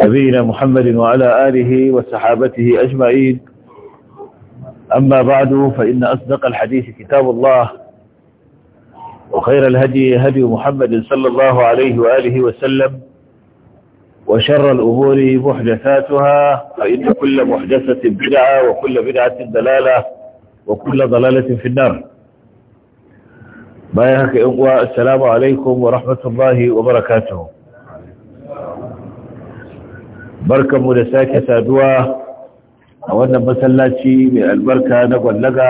نبينا محمد وعلى آله وصحابته أجمعين أما بعد فإن أصدق الحديث كتاب الله وخير الهدي هدي محمد صلى الله عليه وآله وسلم وشر الأمور محدثاتها فإن كل محدثة بدعة وكل بدعة دلالة وكل ضلالة في النار بايهك إنقوى السلام عليكم ورحمة الله وبركاته barkanmu da sake saduwa a wannan masallaci mai albarka na gwallaga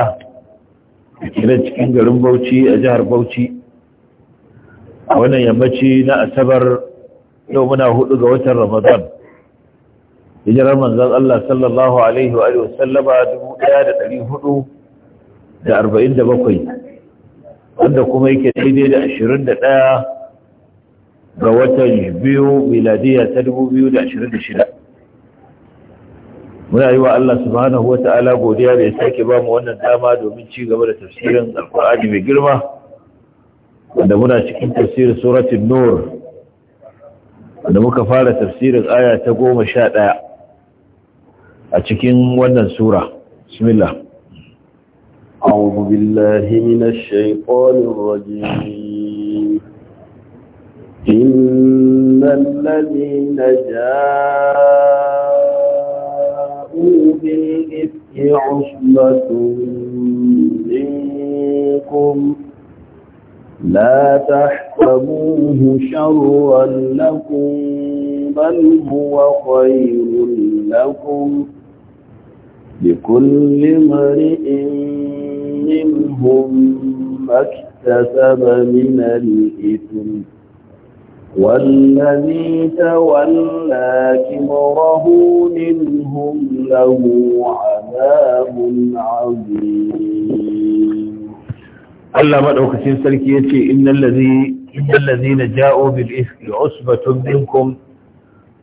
a kiran cikin garin bauchi a jihar bauchi a wannan yammaci na asabar yau muna hudu ga watan ramadan hijirar manzan Allah sallallahu Alaihi wa da 1447 wanda kuma yake daidai da 21 ga watan biyu miladiyya ta 2026 muna yi wa Allah subhanahu wa ta'ala godiya da ya sake ba mu wannan dama domin ci gaba da tafsirin alkur'ani mai girma wanda muna cikin tafsirin suratun nur wanda muka fara tafsirin aya ta goma sha ɗaya a cikin wannan sura bismillah أعوذ بالله من الشيطان الرجيم إن الذين جاءوا بالإفك عصبة منكم لا تحسبوه شرا لكم بل هو خير لكم لكل امرئ منهم ما اكتسب من الإثم والذي تولى كبره منهم له عذاب عظيم الله مدعوكتين كثير سلكيتي إن, الذي إن الذين جاءوا بالإفك عصبة منكم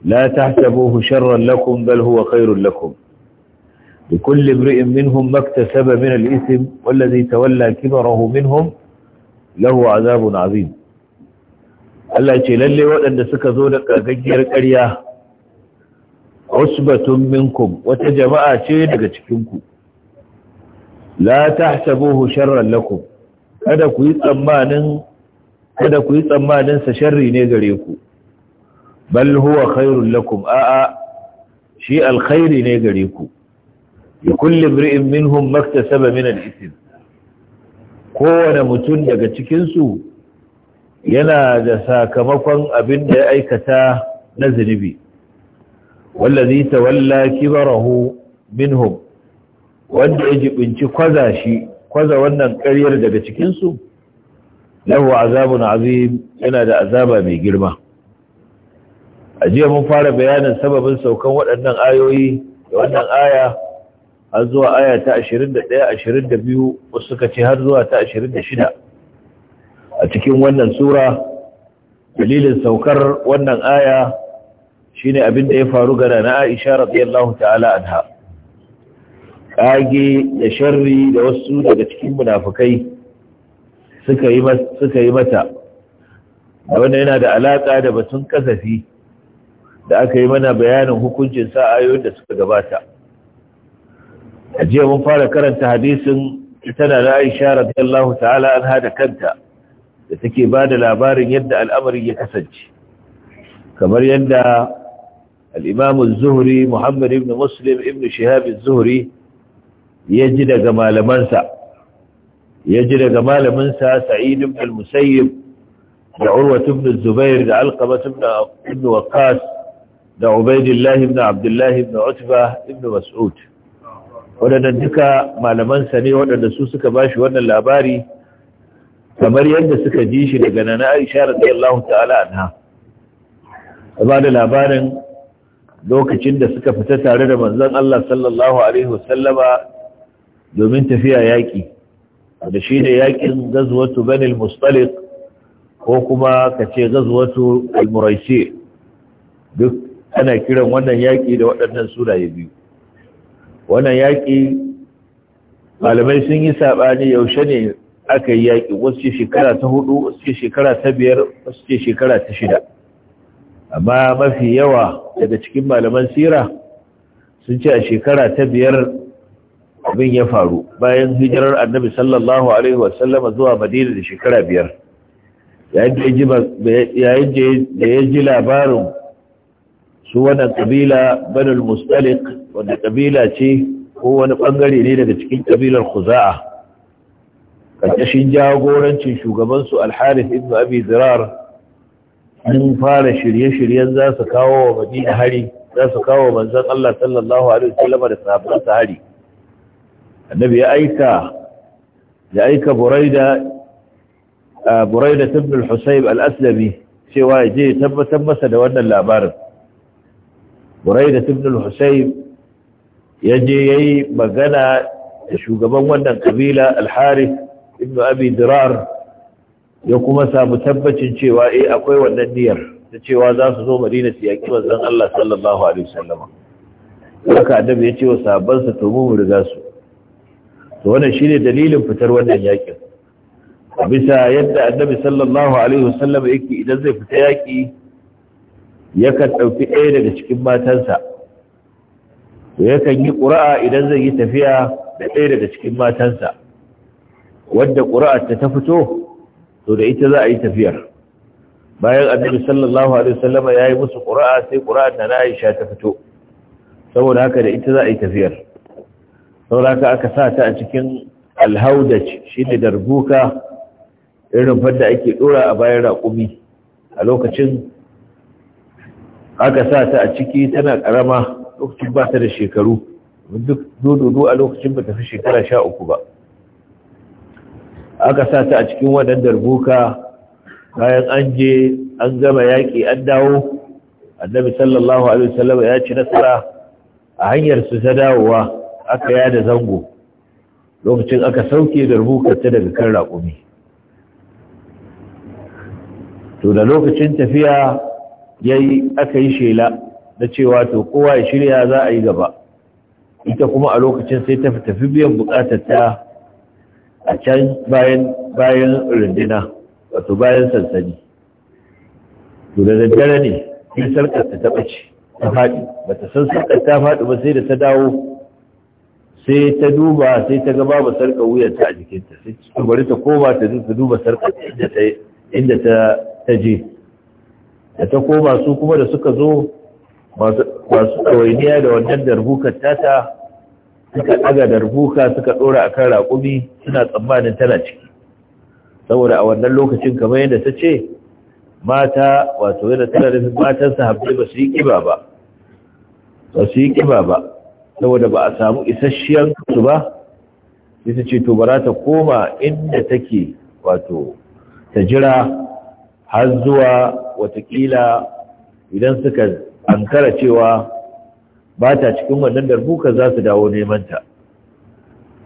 لا تحسبوه شرا لكم بل هو خير لكم لكل امرئ منهم ما اكتسب من الإثم والذي تولى كبره منهم له عذاب عظيم Allah ce lalle waɗanda suka zo da gaggiyar ƙarya usbatun minkum wata jama'a ce daga cikinku la tahsabuhu sharran lakum kada ku yi tsammanin kada ku yi tsammanin sa sharri ne gare ku bal huwa khairul lakum a'a shi alkhairi ne gare ku li kulli imri'in minhum maktasaba min al-ithm kowane mutum daga cikin su yana da sakamakon abin da ya aikata na zunubi wallazi tawalla kibarahu minhum wanda ya jibinci kwaza shi kwaza wannan ƙaryar daga cikin su lahu azabun azim yana da azaba mai girma a jiya mun fara bayanin sababin saukan waɗannan ayoyi da wannan aya har zuwa aya ta 21 22 suka ce har zuwa ta 26 a cikin wannan sura dalilin saukar wannan aya shine abin da ya faru ga na Aisha radiyallahu ta'ala anha kage da sharri da wasu daga cikin munafikai suka yi suka yi mata wanda yana da alaka da batun kasafi da aka yi mana bayanin hukuncin sa ayoyin da suka gabata a jiya mun fara karanta hadisin tana na Aisha radiyallahu ta'ala anha da kanta da take ba da labarin yadda al'amarin ya kasance kamar yadda al'imamun zuhri muhammad ibn muslim ibn shihabin zuhri ya ji daga malamansa ya ji daga malaminsa sa'id ibn musayyib da urwat ibn zubair da alqabat ibn waqas da ubaidillah ibn Abdullahi ibn utba ibn mas'ud waɗannan duka malamansa ne waɗanda su suka bashi wannan labari kamar yadda suka ji shi daga nan Aisha radiyallahu ta'ala anha ba da labarin lokacin da suka fita tare da manzon Allah sallallahu alaihi wasallama domin tafiya yaki da shi ne yakin gazwatu bani al-mustaliq ko kuma kace gazwatu al-muraisi duk ana kiran wannan yaki da waɗannan suraye biyu wannan yaki malamai sun yi sabani yaushe ne aka yi yaƙi wasu ce shekara ta hudu wasu ce shekara ta biyar wasu ce shekara ta shida amma mafi yawa daga cikin malaman sira sun ce a shekara ta biyar abin ya faru bayan hijirar annabi sallallahu alaihi wasallam zuwa madina da shekara biyar yayin da ya ji labarin su wani ƙabila banul mustalik wanda ƙabila ce ko wani ɓangare ne daga cikin ƙabilar kuza'a. ƙarƙashin jagorancin shugabansu alharif ibn abi zirar an fara shirye-shiryen za su kawo wa madina hari za su kawo wa manzan Allah sallallahu alaihi wasallam da sahabbansa hari annabi ya aika ya aika buraida buraida ibn al-husayb al-aslami cewa ya je tabbatar masa da wannan labarin buraida ibn al-husayb ya je yayi magana da shugaban wannan kabila al-harith Ibnu abi dirar ya kuma samu tabbacin cewa eh akwai wannan niyyar ta cewa za su zo madina su yaki manzon Allah sallallahu alaihi wasallam haka annabi ya ce wa sahabban sa to mu riga su to wannan shine dalilin fitar wannan yakin bisa yadda annabi sallallahu alaihi wasallam yake idan zai fita yaki kan dauki ɗaya daga cikin matansa to yakan yi qura'a idan zai yi tafiya da ɗaya daga cikin matansa wadda ƙura'arta ta fito to da ita za a yi tafiyar bayan annabi sallallahu alaihi wasallam ya yi musu ƙura'a sai ƙura'ar na Aisha ta fito saboda haka da ita za a yi tafiyar saboda haka aka sa ta a cikin alhaudaj shine darbuka irin fadda ake dora a bayan raƙumi a lokacin aka sa ta a ciki tana ƙarama lokacin ba ta da shekaru duk dododo a lokacin ba ta fi shekara sha uku ba aka sa ta a cikin waɗanda darbuka bayan an je an gama yaƙi an dawo annabi sallallahu alaihi wasallam ya ci nasara a hanyar su ta dawowa aka yada zango lokacin aka sauke darbukar ta daga kan raƙumi to da lokacin tafiya yayi aka yi shela na cewa to kowa ya shirya za a yi gaba ita kuma a lokacin sai ta tafi biyan bukatar ta a can bayan bayan rundina wato bayan sansani to da daddare ne in sarkar ta taɓa ce ta faɗi ba ta san sarkar ta faɗi ba sai da ta dawo sai ta duba sai ta gaba ba sarkar ta a jikinta sai ta bari ta koma ta duba sarkar inda ta je da ta koma su kuma da suka zo masu ɗawainiya da wannan darbukar tata suka da darbuka suka ɗora akan raƙumi suna tsammanin tana ciki saboda a wannan lokacin kamar yadda ta ce mata wato yadda tana nufin matan sahabbai ba su yi ƙiba ba ba su yi ƙiba ba saboda ba a samu isasshiyar su ba sai ta ce to bara ta koma inda take wato ta jira har zuwa watakila idan suka ankara cewa ba ta cikin wannan darbukar za su dawo nemanta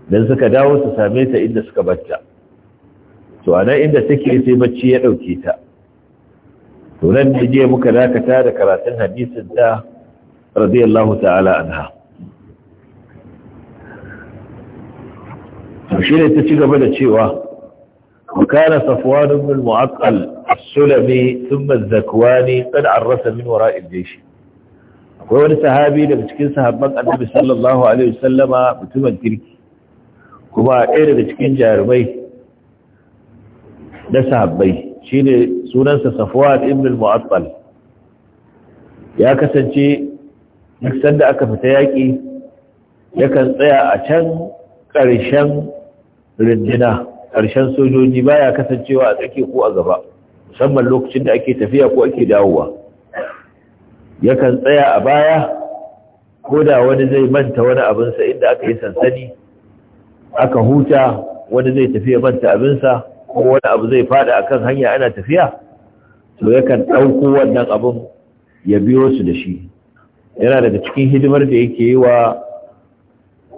don suka dawo su same ta inda suka batta to a nan inda take sai bacci ya ɗauke ta to nan da je muka dakata da karatun hadisin ta, radiyallahu ta'ala anha to shi ne ta ci gaba da cewa وكان صفوان بن المعقل السلمي ثم الزكواني قد عرس من وراء الجيش akwai wani sahabi daga cikin sahabban annabi sallallahu alaihi wasallama mutumin kirki kuma ɗaya daga cikin jarumai na sahabbai shine sunansa Safwan ibn al-Mu'attal ya kasance duk sanda aka fita yaƙi yakan tsaya a can ƙarshen rindina ƙarshen sojoji baya kasancewa a tsaki ko a gaba musamman lokacin da ake tafiya ko ake dawowa yakan tsaya a baya ko da wani zai manta wani abinsa inda aka yi sansani aka huta wani zai tafiya manta abinsa ko wani abu zai fada akan hanya ana tafiya to yakan ɗauko wannan abin ya biyo su da shi yana daga cikin hidimar da yake yi wa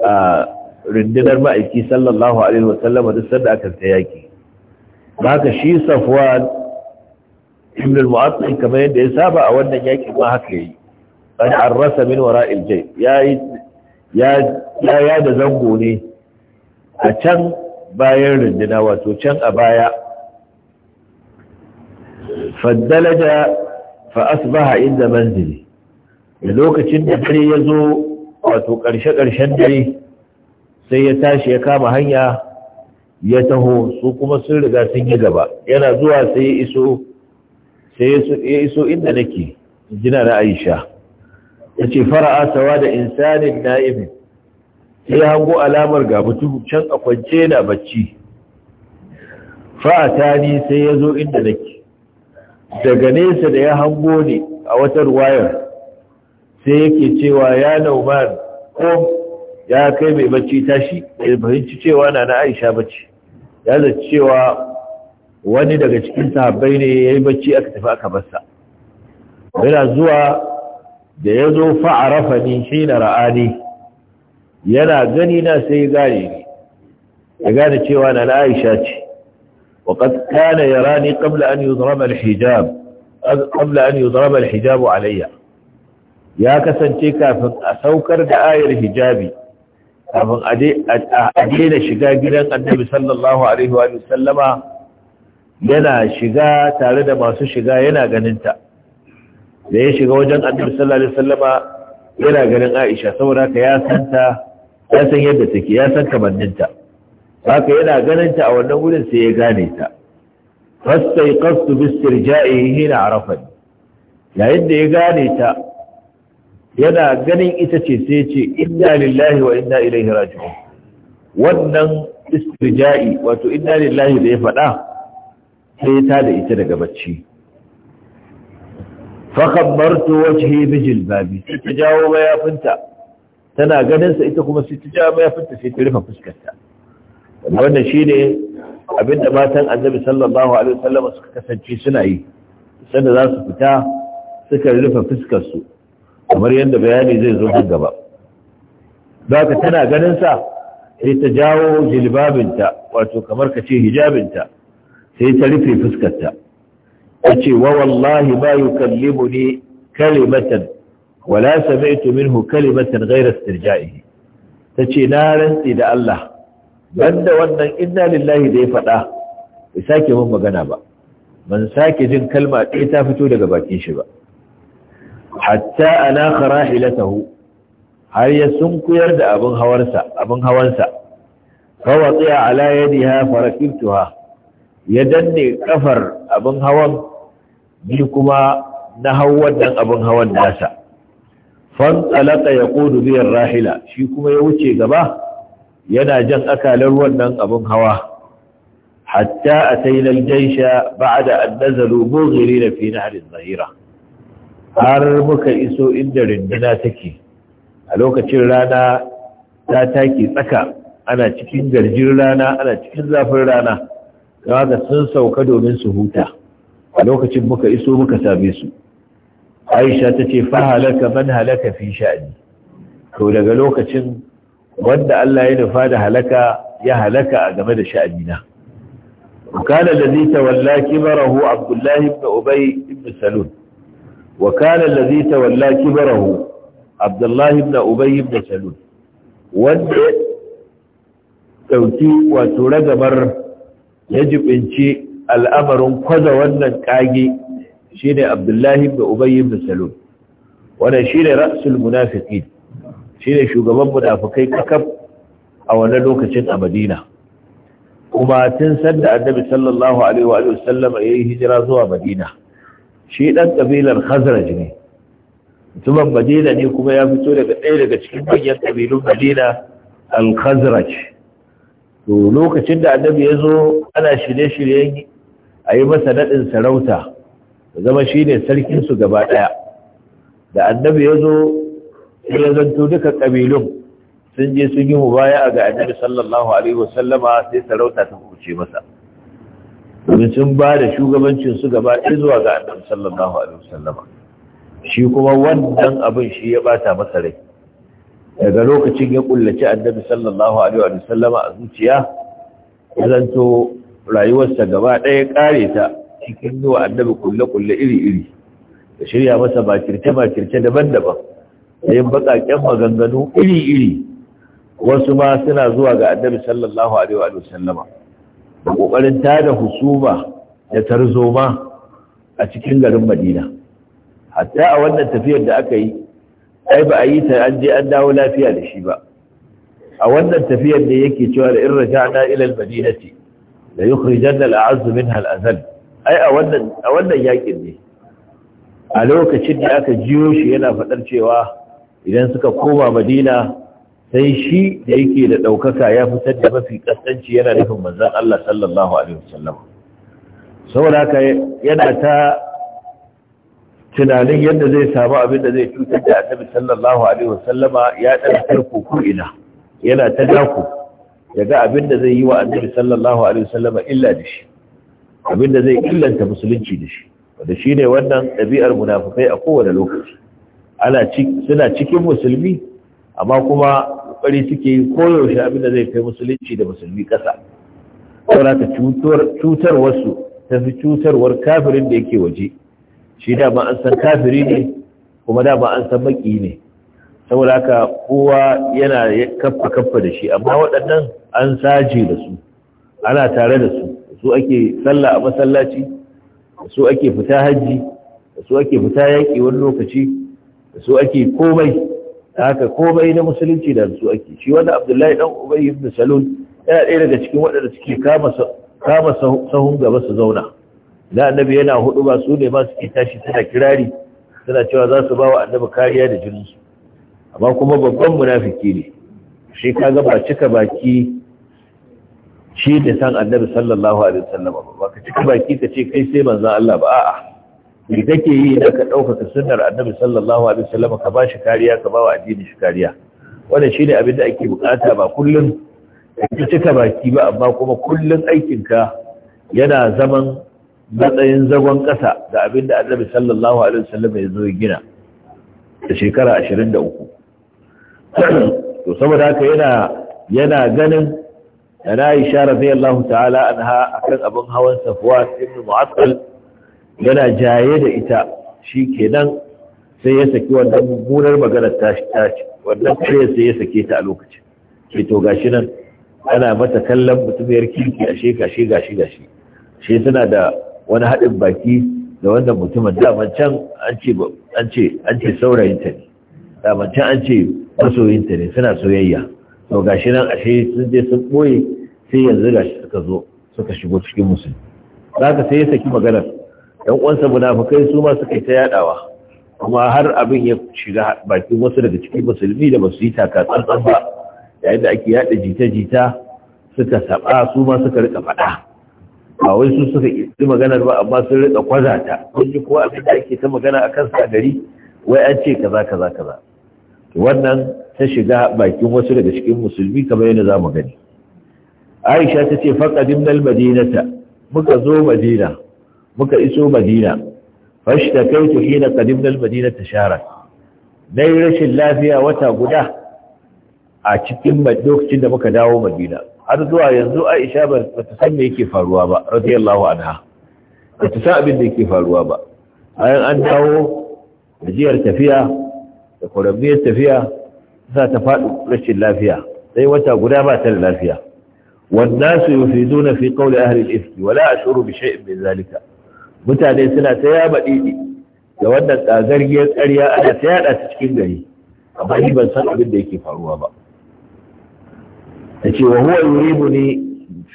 a rundunar ma'aiki sallallahu alaihi wasallama duk sanda aka ta yaki ba ka shi safwan ibn al kamar yadda ya saba a wannan yakin ma haka yayi an arrasa min wara'il jay ya ya da zango ne a can bayan rindina wato can a baya faddalaja fa asbaha inda manzili da lokacin da dare ya zo wato ƙarshe-ƙarshen dare sai ya tashi ya kama hanya ya taho su kuma sun riga sun yi gaba yana zuwa sai ya iso sai ya iso inda nake jina na aisha ya ce fara'a sawa da insanin na'imin sai ya hango alamar ga mutum can a kwance na bacci fa'ata ni sai ya zo inda nake daga nesa da ya hango ne a wata wayar, sai yake cewa ya nauman ko ya kai mai bacci tashi ya fahimci cewa na na aisha bacci ya zaci cewa wani daga cikin sahabbai ne ya yi bacci aka tafi aka basa? yana zuwa da ya zo fa'arafa ni shi na ra'ani yana gani na sai ya gane ne ya gane cewa na aisha ce وقد كان يراني قبل أن an الحجاب قبل أن alayya ya kasance kafin a saukar da دعاية hijabi kafin a daina shiga gidan annabi sallallahu alaihi wa sallama yana shiga tare da masu shiga yana ganinta da ya shiga wajen annabi sallallahu alaihi wasallama yana ganin Aisha saboda ka ya santa ya san yadda take ya san kamanninta haka yana ganinta a wannan wurin sai ya gane ta fastaiqastu bistirja'i hina arafani yayin da ya gane ta yana ganin ita ce sai ce inna lillahi wa inna ilaihi raji'un wannan istirja'i wato inna lillahi da ya faɗa sai ta da ita daga bacci fakabbartu wajhi bi jilbabi sai ta jawo mayafinta tana ganinsa ita kuma sai ta jawo mayafinta sai ta rufe fuskarta wannan ne abinda matan annabi sallallahu alaihi wasallam suka kasance suna yi sanda za su fita suka rufe fuskarsu, kamar yadda bayani zai zo nan gaba zaka tana ganinsa? sai ta jawo jilbabinta wato kamar ka ce hijabinta sai ta rufe fuskarta ta ce wa wallahi ba yukallimuni kalimatan wala sami'tu minhu kalimatan ghayra Ta tace na rantsi da Allah banda wannan inna lillahi da ya faɗa bai sake mun magana ba ban sake jin kalma ɗaya ta fito daga bakin shi ba hatta ana kharahilatahu har ya sunkuyar da abin hawarsa abin hawansa fa waqi'a ala yadiha faraqibtuha ya danne kafar abin hawan bi kuma na hau wannan abin hawan nasa fantsalaka ya ƙudu biyan rahila shi kuma ya wuce gaba yana jan akalar wannan abin hawa hatta a tailar jaisha ba da annazaru bogiri da fi naharin zahira har muka iso inda rinduna take a lokacin rana ta take tsaka ana cikin garjin rana ana cikin zafin rana don sun sauka domin su huta a lokacin muka iso muka same su aisha ta ce fa halaka man halaka fi sha'ani to daga lokacin wanda Allah ya nufa da halaka ya halaka a game da sha'ani sha'anina وكان الذي تولى كبره عبد الله بن أبي بن سلول وكان الذي تولى كبره عبد الله بن أبي بن سلول wanda ɗauki wato ragamar ya al'amarin kwaza wannan ƙage shi ne abdullahi da ubayin da salon wadda shi ne rasul munafiki shi ne shugaban munafikai kakaf a wani lokacin a madina kuma tun sanda annabi sallallahu alaihi wa sallama ya yi hijira zuwa madina shi ɗan ƙabilar khazraj ne mutumin madina ne kuma ya fito daga ɗaya daga cikin manyan ƙabilun madina al-khazraj to lokacin da annabi ya zo ana shirye-shiryen a yi masa naɗin sarauta da zama shi ne sarkinsu gaba ɗaya da annabi ya zo ya zanto duka ƙabilun sun je sun yi mubaya ga annabi sallallahu alaihi wasallama sai sarauta ta kuce masa domin sun ba da shugabancinsu gaba ɗaya zuwa ga annabi sallallahu alaihi wasallama shi kuma wannan abin shi ya bata masa rai daga lokacin ya kullaci annabi sallallahu alaihi wa sallama a zuciya ya zanto rayuwarsa gaba ɗaya ƙare ta cikin zuwa annabi kulle-kulle iri-iri da shirya masa bakirce-bakirce daban-daban da yin baƙaƙen maganganu iri-iri wasu ma suna zuwa ga annabi sallallahu alaihi wa sallama da ƙoƙarin tada husuma da tarzoma a cikin garin madina hatta a wannan tafiyar da aka yi ai ba a yi ta an je an dawo lafiya da shi ba a wannan tafiyar da yake cewa da in raja'na ila al-madinati la yukhrijanna al-a'z minha al-azal ai a wannan a wannan yakin ne a lokacin da aka jiyo shi yana fadar cewa idan suka koma madina sai shi da yake da daukaka ya fitar da mafi kasanci yana nufin manzon Allah sallallahu alaihi wasallam saboda haka yana ta tunanin yadda zai samu abin da zai cutar da annabi sallallahu alaihi wasallama ya ɗan tarko ku ina yana ta dako ya ga abin da zai yi wa annabi sallallahu alaihi wasallama illa da shi abin da zai illanta musulunci da shi wanda shi ne wannan ɗabi'ar munafukai a kowane lokaci ana suna cikin musulmi amma kuma ƙoƙari suke yi koyaushe abin da zai kai musulunci da musulmi ƙasa saboda cutar wasu ta fi cutarwar kafirin da yake waje shi dama an san kafiri ne kuma dama an san baki ne saboda haka kowa yana kaffa kaffa da shi amma waɗannan an saje da su ana tare da su su ake sallah a masallaci su ake fita hajji su ake fita yaƙi wani lokaci su ake komai haka komai na musulunci da su ake shi wanda abdullahi dan ubayy ibn salul yana ɗaya daga cikin waɗanda suke kama sahun gaba su zauna da annabi yana hudu ba su ne ba suke tashi suna kirari suna cewa za su ba wa annabi kariya da jininsu amma kuma babban munafiki ne shi ka ba cika baki shi da san annabi sallallahu alaihi wasallam ba ka cika baki ka ce kai sai manzon Allah ba a'a me kake yi da ka ɗaukaka sunnar annabi sallallahu alaihi wasallam ka ba shi kariya ka ba wa addini shi kariya wannan shine abin da ake bukata ba kullun ka cika baki ba amma kuma kullun aikin ka yana zaman matsayin zagon ƙasa da abin da annabi sallallahu alaihi wasallam ya zo gina da shekara 23 to saboda haka yana yana ganin ana Aisha radiyallahu ta'ala anha akan abin hawan Safwan ibn Mu'attal yana jaye da ita shikenan sai ya saki wannan gurar magana ta shi wannan ya sai ya sake ta a lokacin sai to gashi nan ana mata kallon mutumiyar kirki a sheka shi gashi gashi shi suna da wani haɗin baki da wannan mutumin daman can an ce saurayinta ne can an ce masoyinta ne suna soyayya to gashi nan ashe sun je sun ɓoye sai yanzu gashi suka zo suka shigo cikin musulmi za ka sai ya saki maganar ɗan uwansa munafukai su ma suka yi ta yadawa kuma har abin ya shiga bakin wasu daga cikin musulmi da ba yi taka tsantsan ba yayin da ake yaɗa jita-jita suka saba su ma suka rika faɗa ba wai su suka yi maganar ba amma sun rika kwaza ta kun ji kuwa abin da ake ta magana a kansa a gari wai an ce kaza kaza kaza wannan ta shiga bakin wasu daga cikin musulmi kamar yadda mu gani Aisha ta ce faqadimna al-madinata muka zo Madina muka iso Madina ta hina qadimna al-madinata Na nayi rashin lafiya wata guda a cikin lokacin da muka dawo madina har zuwa yanzu aisha ba ta san me yake faruwa ba radiyallahu anha ba ta san abin da yake faruwa ba bayan an dawo gajiyar tafiya da kurabniyar tafiya za ta faɗi rashin lafiya sai wata guda ba ta da lafiya والناس يفيدون في قول أهل wala ولا أشعر بشيء من ذلك mutane suna ta yaba da wannan tsazargiyar ƙarya ana ta yaɗa ta cikin gari amma ni ban san abin da yake faruwa ba yace wa huwa yuribuni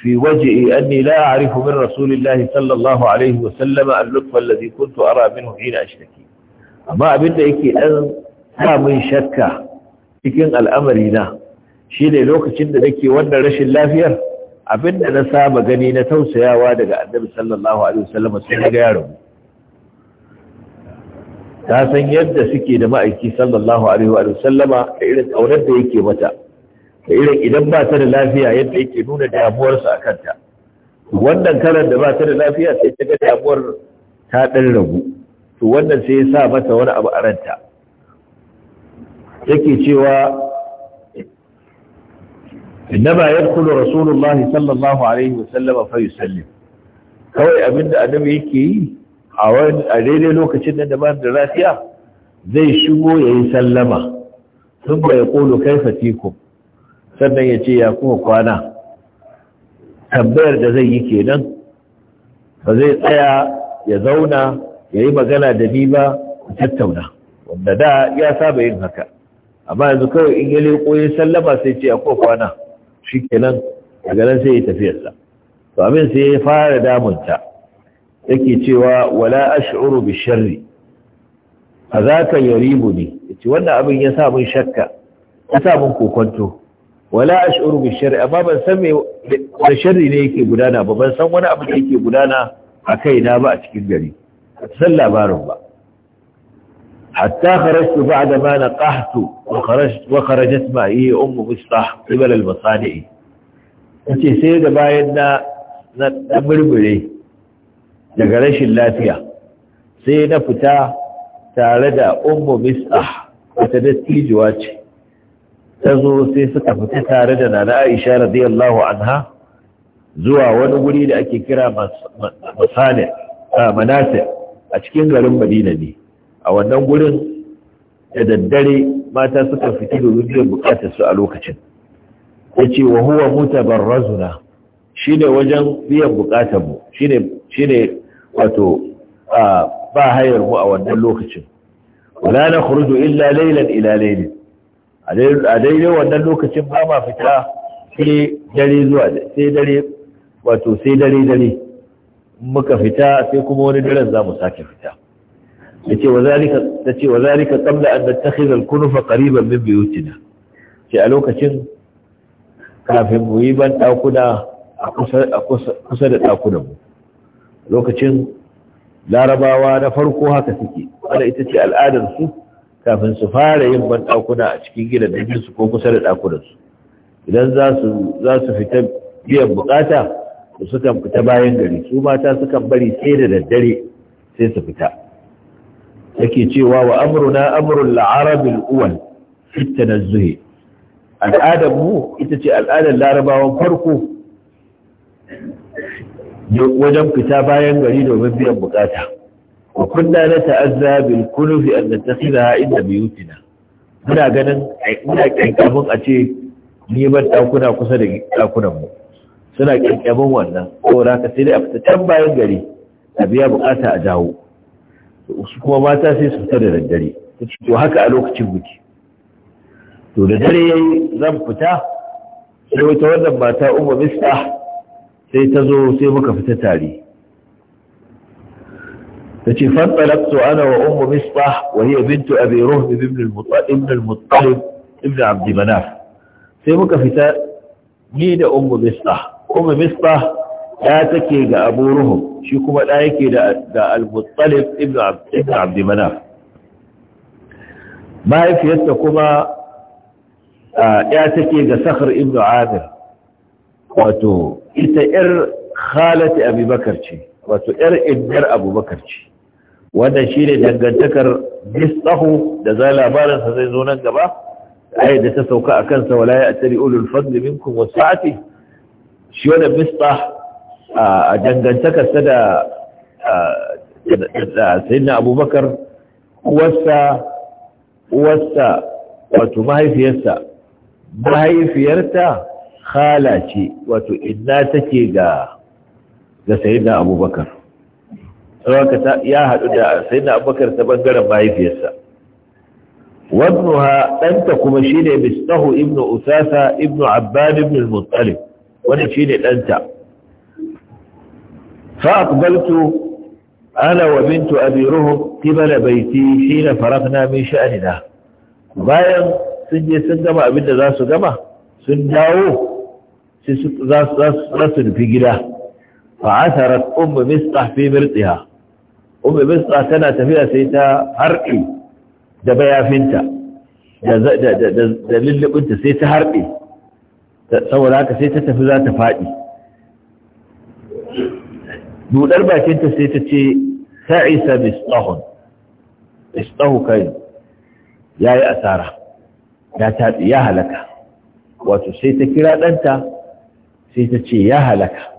في وجهي أني لا min من sallallahu alaihi wa sallama عليه وسلم اللطف الذي كنت أرى منه حين أشتكي أما أبدا إكي sa من shakka cikin al'amari na shi ne lokacin da nake wannan rashin lafiyar abinda na saba gani na tausayawa daga annabi sallallahu alaihi wasallam sai na ga yaro ta san yadda suke da ma'aiki sallallahu alaihi wa sallama da irin kaunar da yake mata Ka irin idan ba ta da lafiya yadda yake nuna damuwarsa a kanta wannan karar da ba ta da lafiya sai ta ga damuwar ta ɗan ragu to wannan sai ya sa mata wani abu a ranta take cewa ma yadkhulu rasulullah sallallahu alaihi sallam fa yusallim kawai abinda annabi yake yi a daidai lokacin da ba da lafiya zai shigo yayi sallama sun bai kulu kaifa tikum sannan ya ce ya kuma kwana tambayar da zai yi kenan ba zai tsaya ya zauna ya yi magana da ni ba ku tattauna wanda da ya saba yin haka amma yanzu kawai in ya ya sallama sai ce ya kuma kwana shi kenan a ganin sai ya tafiyarsa to abin sai ya fara damunta yake cewa wala ash'uru bi sharri fa yaribu ni yace wannan abin ya sa mun shakka ya sa mun kokonto wala ashuru mai sharri amma ban san me da sharri ne yake gudana ba ban san wani abu da yake gudana a kai na ba a cikin gari san labarin ba hatta ba da mana ƙahatu wa kharajtu wa kharajat ma'i umu musta ibal al-masani'i ce sai da bayan na na burbure daga rashin lafiya sai na fita tare da umu musta wata dattijuwa ce ta zo sai suka fita tare da nana aisha radiyallahu anha zuwa wani guri da ake kira masane a manase a cikin garin madina ne a wannan gurin da daddare mata suka fiti domin biyan bukatar su a lokacin ya ce wa huwa Shi ne wajen biyan bukatar mu ne wato ba hayar mu a wannan lokacin wala na illa lailan ila ne. a daidai wannan lokacin ba ma fita sai dare zuwa sai dare wato sai dare dare muka fita sai kuma wani daren za mu sake fita ta wazalika tace wazalika qabla an hirar al-kunufa qariban min buyutina ce a lokacin kafin mu yi ban ɗakuna a kusa da ɗakunan mu lokacin larabawa na farko haka suke wanda ita ce al'adar su kafin su fara yin banɗakuna a cikin gidan su ko kusa da ɗakunansu idan za su fita biyan bukata su sukan fita bayan gari su mata sukan bari sai da daddare sai su fita take cewa wa amruna amrul la'arabil uwal fi al'adar mu ita ce al'adar larabawan farko wajen fita bayan gari domin biyan bukata وكنا نتأذى بالكنف أن نتخذها إلا بيوتنا muna ganin muna kyankyamin a ce neman ɗakuna kusa da ɗakunanmu suna kyankyamin wannan saboda ka sai dai a fita bayan gari a biya bukata a jawo kuma mata sai su fita da daddare to haka a lokacin buki to da dare yayi zan fita sai wata wannan mata umma mista sai ta zo sai muka fita tare Da tace fantalaktu ana wa ummu misbah wa hiya bintu abi ruh ibn al-muttalib ibn al-muttalib ibn abd sai muka fita ni da ummu misbah ummu misbah ta take ga abu shi kuma da yake da al-muttalib ibn abd abd mahaifiyarta kuma ya take ga sakhr ibn adil wato ita 'yar khalat abi ce wato ‘yar iddar abubakar ce wannan shi ne dangantakar bisahu da za labarinsa zai zo nan gaba ayat da ta sauka a kansa wala ya atari ulul fadli minkum wa sa'ati shi wanda bisah a dangantakarsa da sayyidina abubakar uwarsa uwarsa wato mahaifiyarsa mahaifiyarta khala ce wato inna take ga ga sayidina abubakar ya haɗu da sayidina abubakar ta bangaren mahaifiyarsa wannuha ɗanta kuma shi ne mistahu ibnu usasa ibnu abban ibn muttalib wani shi ne ɗanta fa'akbaltu ana wa bintu abi ruhu kibala baiti shi na farafna min sha'anina bayan sun je sun gama abin da za su gama sun dawo sai za su rufi gida fa'asarat ummu mistah fi mirtiha ummu mistah tana tafiya sai ta harbi da bayafinta da da da lullubinta sai ta harbi saboda haka sai ta tafi za ta fadi dudar bakinta sai ta ce sa'isa mistahun istahu kai yayi asara ya tatsi ya halaka wato sai ta kira danta sai ta ce ya halaka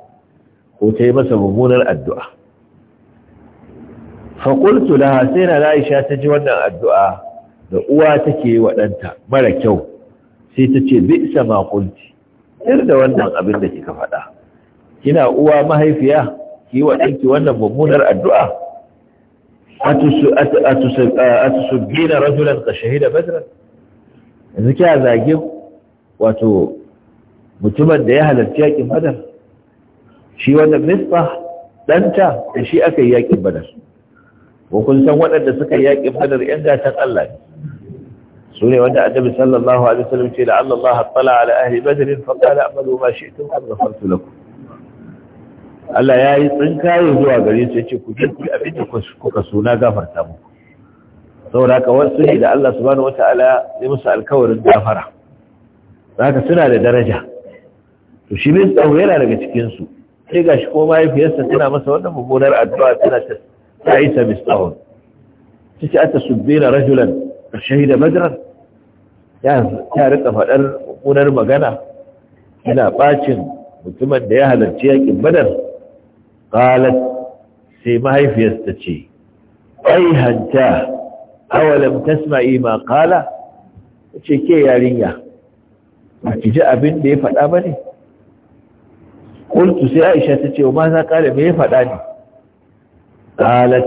ko ta yi masa mummunar addu'a faƙultu laha sai na la'isha ta ji wannan addu'a da uwa take waɗanta mara kyau sai ta ce bi isa makulti ir da wannan abin da kika faɗa kina uwa mahaifiya ki yi waɗanki wannan mummunar addu'a a tusubbina rajulan ka shahida badran yanzu kya zage wato mutumin da ya halarci yakin badar shi wannan misbah danta da shi aka yi yaƙin badar ko kun san waɗanda suka yi yaƙin badar ƴan gatan Allah ne su ne wanda annabi sallallahu alaihi wasallam ce da Allah Allah tala ala ahli badr fa qala amalu ma shi'tum qad ghafartu lakum Allah ya yi tsinkaye zuwa gare su yace ku je ku abin da kuka suna gafarta muku saboda ka wasu ne da Allah subhanahu wataala ya musu alkawarin gafara haka suna da daraja to shi bin tsawo yana daga cikin su sai gashi ko mahaifiyarsa tana masa wannan mummunar addu'a tana ta yi ta mistahun ciki subbe na rajulan shahida madarar. ya ta rika faɗar mummunar magana yana ɓacin mutumin da ya halarci yakin madar. qalat sai mahaifiyarsa ta ce ai hanta awalam tasma'i ma Ta ce ke yarinya ba ki ji abin da ya faɗa ba ne kultu sai aisha ta ce ma za kare me ya faɗa ne qalat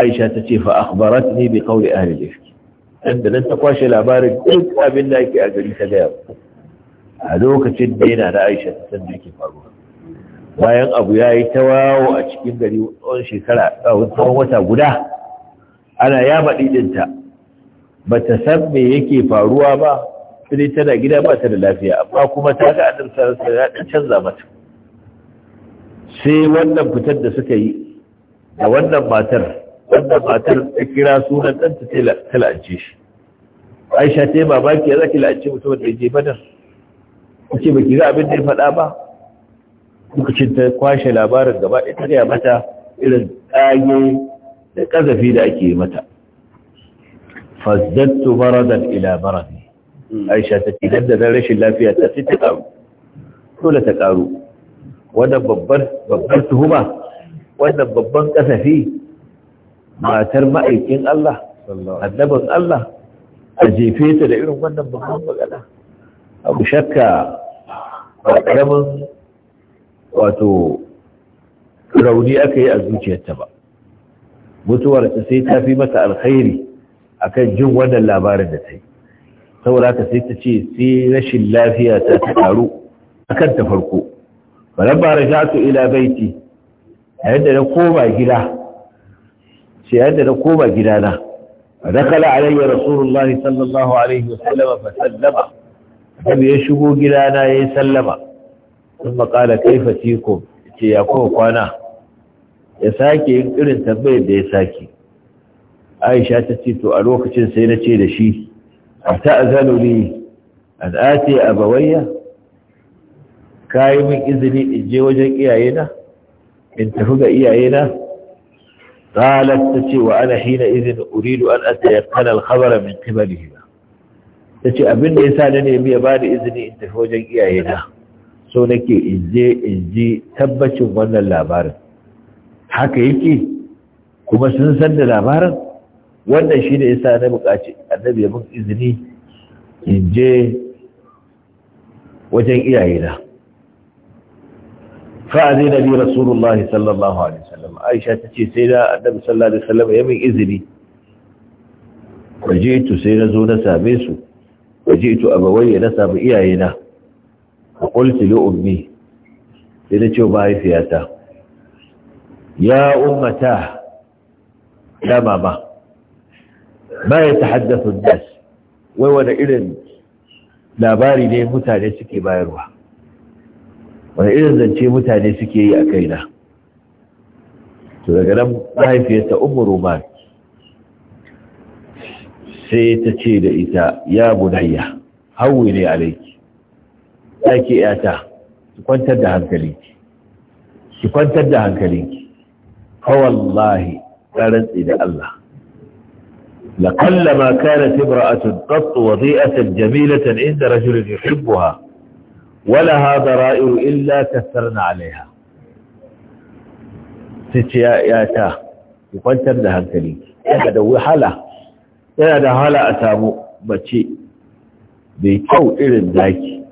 aisha ta ce fa akhbaratni bi qawli ahli al inda nan ta kwashe labarin duk abin da yake a gari ta gaya a lokacin da yana da aisha ta san da yake faruwa bayan abu ya yi tawawo a cikin gari tsawon shekara tsawon tsawon wata guda ana ya baɗi ɗinta ba ta san me yake faruwa ba sai tana gida ba ta da lafiya amma kuma ta ga annabi sallallahu alaihi wasallam canza mata sai wannan fitar da suka yi da wannan matar wannan matar ta kira sunan ɗanta ta la'ance shi aisha ta yi mamaki ya zaki la'ance mutum da ya je badar kuke ba ki ga abin da ya faɗa ba lokacin ta kwashe labarin gaba ɗaya ta gaya mata irin ƙage da ƙazafi da ake yi mata fazdattu maradan ila maradi hmm. aisha ta ce da rashin lafiya ta sai ta ƙaru dole ta ƙaru wannan babbar tuhuma wannan babban kasafi matar ma'aikin Allah annabin Allah a jefe ta da irin wannan babban magana abu shakka a ƙaramin wato rauni aka yi a zuciyarta ba mutuwar ta sai ta fi mata alkhairi akan jin wannan labarin da ta yi saboda ka sai ta ce sai rashin lafiya ta ta karu akan ta farko falamma rajatu ila baiti a yadda na koma gida sai yadda na koma gida na dakala alayya rasulullah sallallahu alaihi wasallam fa sallama dan ya shigo gida na yayin sallama sun makala kaifa tikum ce ya ko kwana ya sake yin irin tambayar da ya sake aisha ta ce to a lokacin sai na ce da shi ta azalu li an ati abawayya kayi min izini in je wajen iyaye na in tafi ga iyaye na qalat ce wa ana hina idin uridu an atayakkana al khabara min qibalihi tace abin da yasa dane biya ba da izini in tafi wajen iyaye na so nake in je in ji tabbacin wannan labarin haka yake kuma sun san da labarin wannan shi ne yasa na buƙaci annabi ya min izini in je wajen iyaye na fa'azina bi rasulullah sallallahu alaihi wasallam aisha ta ce sai da annabi sallallahu alaihi wasallam ya min izini wajitu sai na zo na same su wajitu abawayya na samu iyaye iyayena a qultu li ummi sai na ce mahaifiyata ya ummata ya mama ba ya tahaddathu nas wai wani irin labari ne mutane suke bayarwa wani irin zance mutane suke yi a kaina to daga nan mahaifiyarta ummu ruman sai ta ce da ita ya bunayya hawi ne alaiki ɗaki yata ki kwantar da hankalinki ki kwantar da hankalinki fawallahi ƙarantsi da Allah لقلما كانت امرأة قط وضيئة جميلة عند رجل يحبها wala ha dara'iru illa kasarna alaiha ta ce ya ta ki kwantar da hankali yana da wahala yana da hala a samu mace mai kyau irin zaki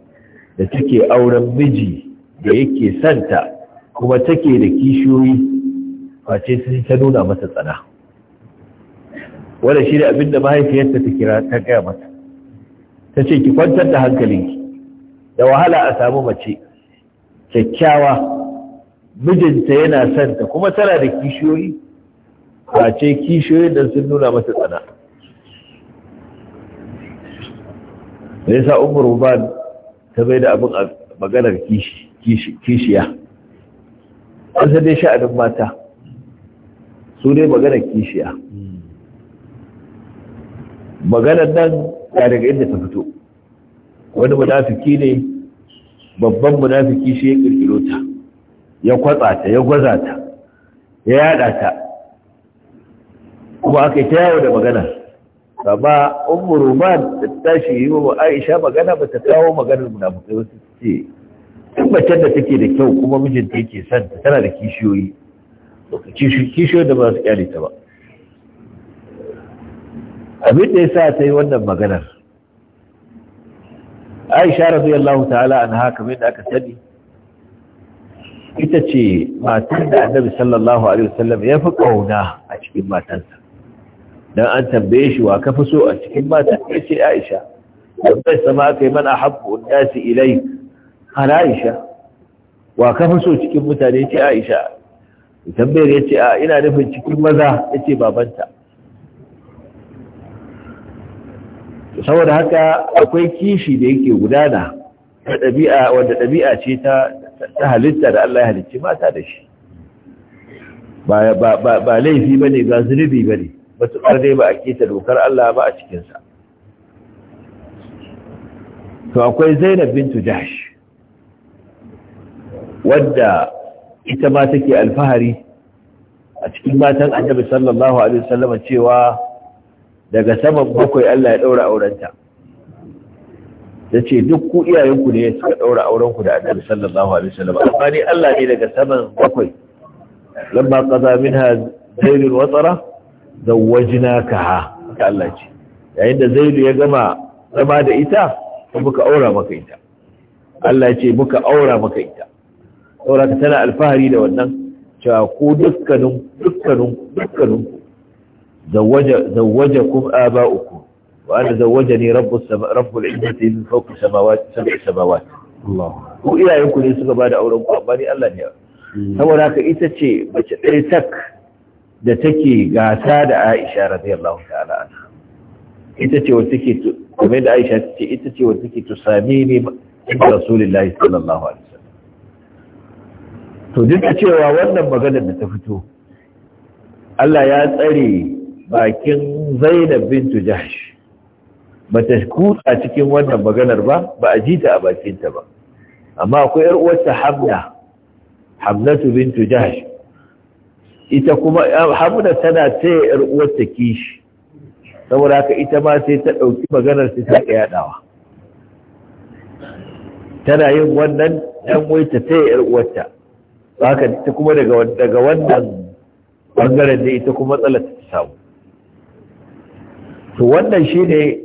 da take auren miji da yake santa kuma take da kishiyoyi face ta nuna masa tsana wadda shi da abinda mahaifiyarta ta kira ta gaya mata ta ce ki kwantar da hankalinki da wahala a samu mace kyakkyawa mijinta yana santa kuma tana da kishiyoyi a ce kishiyoyin da sun nuna mata tsana da sa umar ruban ta bai da abin maganar kishiya an san dai sha'anin mata su ne maganar kishiya maganar nan ya daga inda ta fito wani munafiki ne babban munafiki shi ya kirkiro ta ya kwatsa ta ya gwaza ta ya yada ta kuma aka yi ta yawo da magana Baba ummu ruman da tashi yi wa aisha magana ba ta kawo maganar munafiki wasu ce duk da take da kyau kuma mijinta yake son ta tana da kishiyoyi kishiyoyi da ba su kyale ta ba abin da ya sa ta yi wannan maganar aisha radiyallahu ta'ala haka kamar da aka sani ita ce matan da annabi sallallahu alaihi wasallam ya fi kauna a cikin matansa dan an tambaye shi wa ka fi so a cikin matan, ya ce aisha sai sama kai man ahabbu an-nasi ilayk ala aisha wa ka fi so cikin mutane ce aisha tambayar ya ce a ina nufin cikin maza ya ce babanta saboda haka akwai kishi da yake gudana ta ɗabi'a wanda ɗabi'a ce ta halitta da Allah ya halicci mata da shi ba laifi ba ne ba zunubi ba ne su ɓarne ba a keta dokar Allah ba a cikinsa to akwai zainab bintu jahsh wadda ita ma take alfahari a cikin matan annabi sallallahu alaihi wasallam cewa daga saman bakwai Allah ya ɗaura aurenta ta ce duk ku iyayenku ne suka ɗaura aurenku da annabi sallallahu alaihi wasallam amma ni Allah ne daga saman bakwai lamma qaza minha zaid watara zawwajnaka ha ka Allah ce yayin da zaid ya gama zama da ita muka aura maka ita Allah ce muka aura maka ita saboda tana alfahari da wannan cewa ku dukkanin dukkanin dukkanin زوجكم آباؤكم وأنا زوجني رب رب العزة من فوق السماوات سبع سماوات الله ko iyayenku ne suka bada auren ku amma ni Allah ne saboda haka ita ce mace ɗaya tak da take gasa da Aisha radiyallahu ita ce wacce take to sami ne da Rasulullahi sallallahu cewa wannan maganar da ta fito Allah ya tsare bakin zainab bintu jahsh ba ta a cikin wannan maganar ba ba a ji ta a bakinta ba amma akwai yar uwarta hamna hamnatu bintu jahsh ita kuma hamna tana taya yar uwarta kishi saboda haka ita ma sai ta dauki maganar sai ta yadawa tana yin wannan dan waita ta yar uwarta haka ita kuma daga daga wannan bangaren da ita kuma matsalar ta samu to wannan shi ne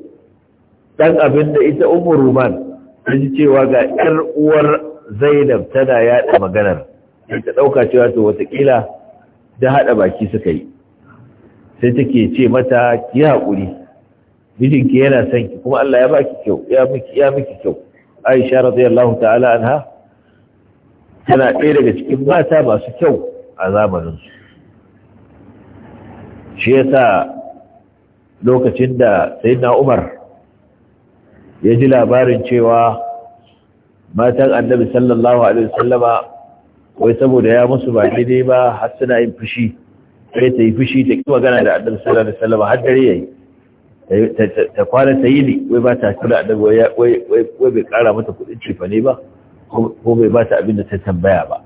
ɗan abin da ita Umaruman ruman ta ji cewa ga yar uwar zainab tana yaɗa maganar ta ɗauka cewa to watakila da haɗa baki suka yi sai take ce mata ki haƙuri mijinki yana son ki kuma Allah ya baki kyau ya miki ya miki kyau Aisha radiyallahu ta'ala anha tana ɗaya daga cikin mata masu kyau a zamanin su shi yasa lokacin da sayyidina Umar ya ji labarin cewa matan annabi sallallahu alaihi wasallama wai saboda ya musu ba daidai ba har suna yin fushi sai ta yi fushi ta ki magana da annabi sallallahu alaihi wasallama har dare yayi ta kwana ta yi ne wai ba ta kula da wai bai kara mata kudin cifa ne ba ko bai ba ta abin da ta tambaya ba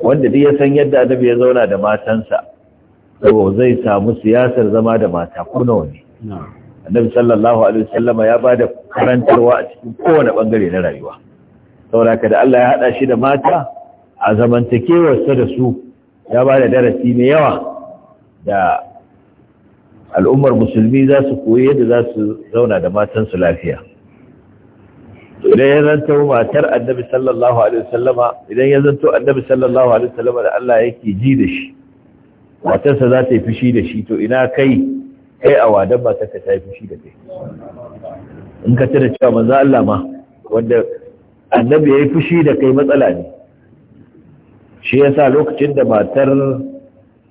wanda duk ya san yadda annabi ya zauna da matansa to zai samu siyasar zama da mata ko nawa ne annabi sallallahu alaihi wasallam ya bada karantarwa a cikin kowane bangare na rayuwa saboda kada Allah ya hada shi da mata a zamantakewar sa da su ya bada darasi mai yawa da al'ummar musulmi za su koyi yadda za su zauna da matan su lafiya idan ya zanto matar annabi sallallahu alaihi wasallama idan ya zanto annabi sallallahu alaihi wasallama da Allah yake ji da shi matarsa za ta yi fushi da shi to ina kai kai a wadan matarka ta yi fushi da kai in ka tana cewa manzo Allah ma wanda annabi ya yi fushi da kai matsala ne shi ya sa lokacin da matar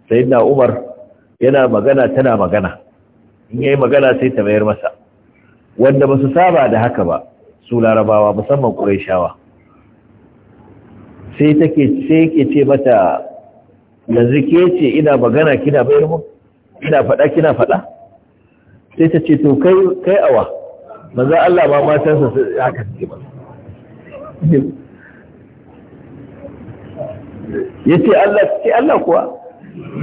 sayyidina Umar yana magana tana magana in ya yi magana sai ta mayar masa wanda ba su saba da haka ba su larabawa musamman shawa. sai take ke ce mata yanzu ke ce ina magana kina bayar mu ina faɗa kina faɗa sai ta ce to kai kai awa manzo Allah ma matansa su haka suke ba yace Allah ce Allah kuwa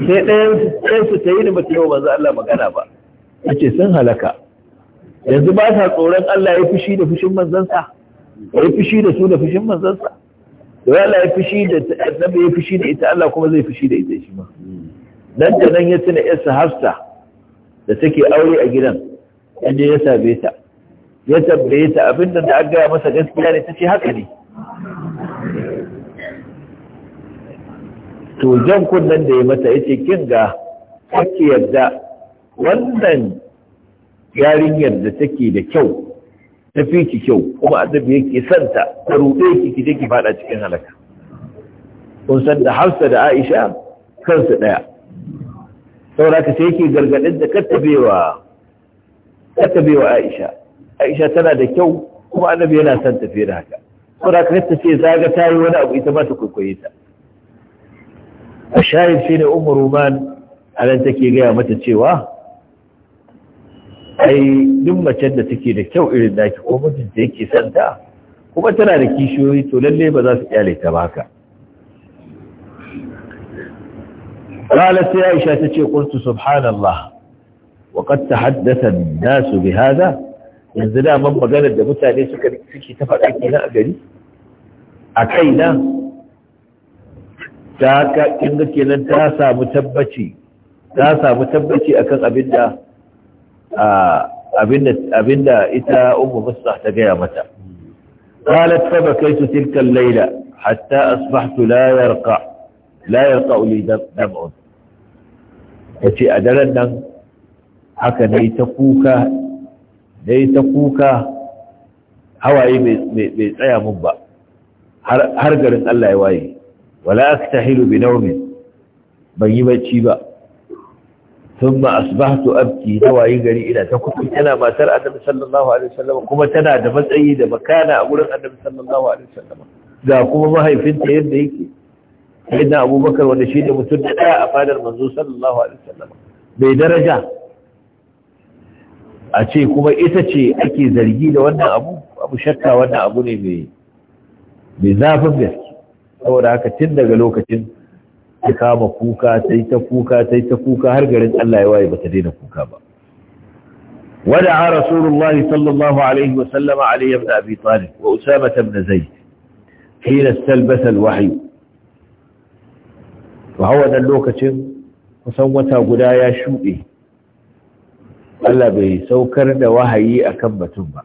sai ɗayan su ta yi ni mutum yau manzo Allah magana ba yace sun halaka yanzu ba ta tsoron Allah ya fushi da fushin manzansa ya fushi da su da fushin manzansa da Allah ya fushi da annabi ya fushi da ita Allah kuma zai fushi da ita shi ma nan da nan ya tuna yarsa Hafsa da take aure a gidan inda ya sabe ta ya tambaye ta abinda da aka gaya masa gaskiya ne tace haka ne to jan kunnan da ya mata yace kin ga kake yarda wannan yarinyar da take da kyau ta fi ki kyau kuma annabi yake santa ta ruɗe ki ki ki fada cikin halaka kun san da Hafsa da Aisha kansu daya saboda ka sai yake gargadin da kattabewa Aisha Aisha tana da kyau kuma annabi yana son tafiye da haka saboda ka ta ce zaga ta yi wani abu ita ba ta kwaikwaye ta a shahid Umar Ruman a nan take gaya mata cewa ai duk macen da take da kyau irin naki ko da yake santa kuma tana da kishiyoyi to lalle ba za su kyale ta ba ka tace qultu subhanallah wa qad tahaddatha an-nas bi hadha yanzu da man maganar da mutane suka suke ta faɗa kenan a gari a kaina ta ka kinga kenan ta samu tabbaci ta samu tabbaci akan abinda abinda ita umu musta ta gaya mata قالت فبكيت تلك الليلة حتى أصبحت لا يرقع لا يرقع لي دمع تشي أدلنا haka dai ta kuka dai ta kuka hawaye bai tsaya mun ba har garin Allah ya waye wala aktahilu bi nawmin ban yi bacci ba ثم أصبحت أبكي نواي غري إلى تكون أنا ما ترى النبي صلى الله عليه وسلم kuma tana da matsayi da makana a gurin annabi sallallahu alaihi wasallam ga kuma mahaifinta yadda yake sayyidina abubakar wanda shi ne mutum da daya a fadar manzo sallallahu alaihi wasallam bai daraja a ce kuma ita ce ake zargi da wannan abu abu shakka wannan abu ne mai zafin gaske saboda haka tun daga lokacin ta kama kuka sai ta kuka sai ta kuka har garin Allah ya waye bata daina kuka ba a rasulullah sallallahu alaihi wa sallama ali ibn abi talib wa usama ibn zayd hina salbasa alwahy wa hawa dan lokacin kusan wata guda ya shuɗe Allah bai saukar da wahayi akan batun ba